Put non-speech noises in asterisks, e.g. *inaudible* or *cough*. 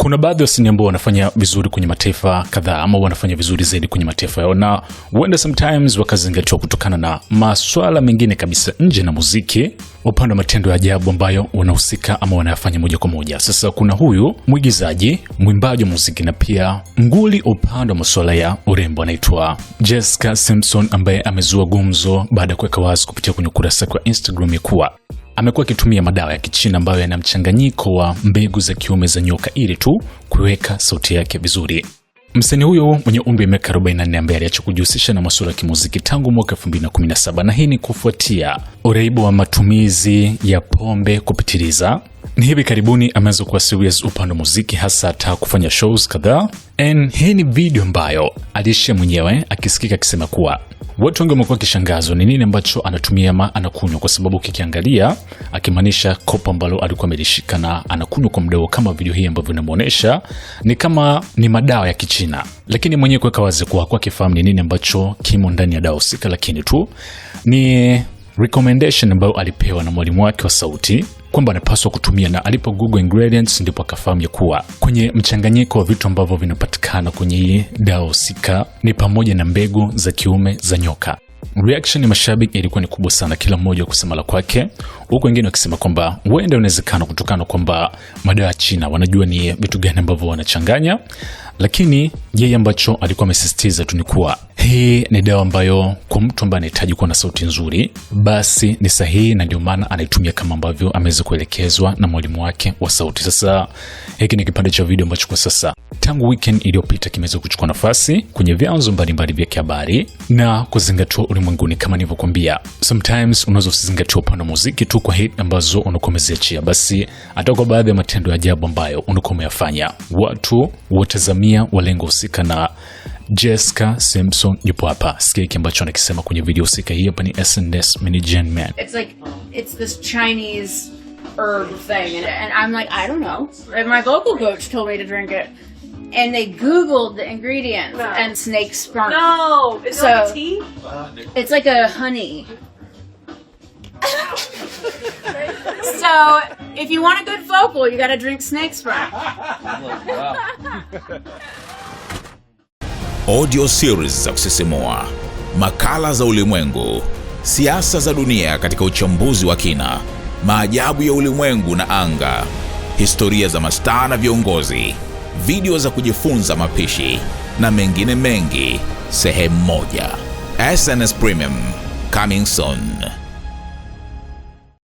Kuna baadhi ya wasanii ambao wanafanya vizuri kwenye mataifa kadhaa ama wanafanya vizuri zaidi kwenye mataifa yao, na huenda sometimes wakazingatiwa kutokana na maswala mengine kabisa nje na muziki, upande wa matendo ya ajabu ambayo wanahusika ama wanayafanya moja kwa moja. Sasa kuna huyu mwigizaji, mwimbaji wa muziki na pia nguli upande wa masuala ya urembo, anaitwa Jessica Simpson ambaye amezua gumzo baada ya kuweka wazi kupitia kwenye ukurasa wa Instagram ya kuwa amekuwa akitumia madawa ya Kichina ambayo yana mchanganyiko wa mbegu za kiume za nyoka ili tu kuweka sauti yake vizuri. Msanii huyo mwenye umri wa miaka 44 ambaye aliacha kujihusisha na masuala ya kimuziki tangu mwaka 2017 na hii ni kufuatia uraibu wa matumizi ya pombe kupitiliza, ni hivi karibuni ameweza kuwa serious upande wa muziki, hasa ta kufanya shows kadhaa, and hii ni video ambayo alishia mwenyewe akisikika akisema kuwa watu wengi wamekuwa kishangazo ni nini ambacho anatumia ama anakunywa, kwa sababu kikiangalia, akimaanisha kopo ambalo alikuwa amelishika na anakunywa kwa mdogo kama video hii ambavyo inamuonesha ni kama ni madawa ya Kichina, lakini mwenyewe kuweka wazi kuwa hakuwa akifahamu ni nini ambacho kimo ndani ya dawa husika, lakini tu ni recommendation ambayo alipewa na mwalimu wake wa sauti kwamba anapaswa kutumia, na alipo Google ingredients ndipo akafahamu ya kuwa kwenye mchanganyiko wa vitu ambavyo vinapatikana kwenye hii dawa husika ni pamoja na mbegu za kiume za nyoka. Reaction ya mashabiki ilikuwa ni kubwa sana, kila mmoja kusema la kwake, huku wengine wakisema kwamba huenda inawezekana kutokana kwamba madawa ya China wanajua ni vitu gani ambavyo wanachanganya, lakini yeye ambacho alikuwa amesisitiza tu ni kuwa hii ni dawa ambayo kwa mtu ambaye anahitaji kuwa na sauti nzuri basi ni sahihi, na ndio maana anaitumia kama ambavyo ameweza kuelekezwa na mwalimu wake wa sauti. Sasa hiki ni kipande cha video ambacho kwa sasa tangu weekend iliyopita kimeweza kuchukua nafasi kwenye vyanzo mbalimbali vya kihabari na kuzingatiwa ulimwenguni. Kama nilivyokuambia, sometimes unaweza usizingatiwa upande wa muziki tu kwa hit ambazo unakuwa umeziachia, basi hata kwa baadhi ya matendo ya ajabu ambayo unakuwa umeyafanya watu watazamia mamia na Jessica Simpson yupo hapa. Sikia hiki ambacho anakisema kwenye video husika. Hii hapa ni SNS It's like it's this Chinese herb thing and, and I'm like I don't know. And my vocal coach told me to drink it. And they googled the ingredients no. and snake sperm. No, it's so, like a tea. It's like a honey. So if you want a good vocal, you got drink snake spray. *laughs* Audio series za kusisimua, makala za ulimwengu, siasa za dunia katika uchambuzi wa kina, maajabu ya ulimwengu na anga, historia za mastaa na viongozi, video za kujifunza mapishi na mengine mengi, sehemu moja. SNS Premium coming soon.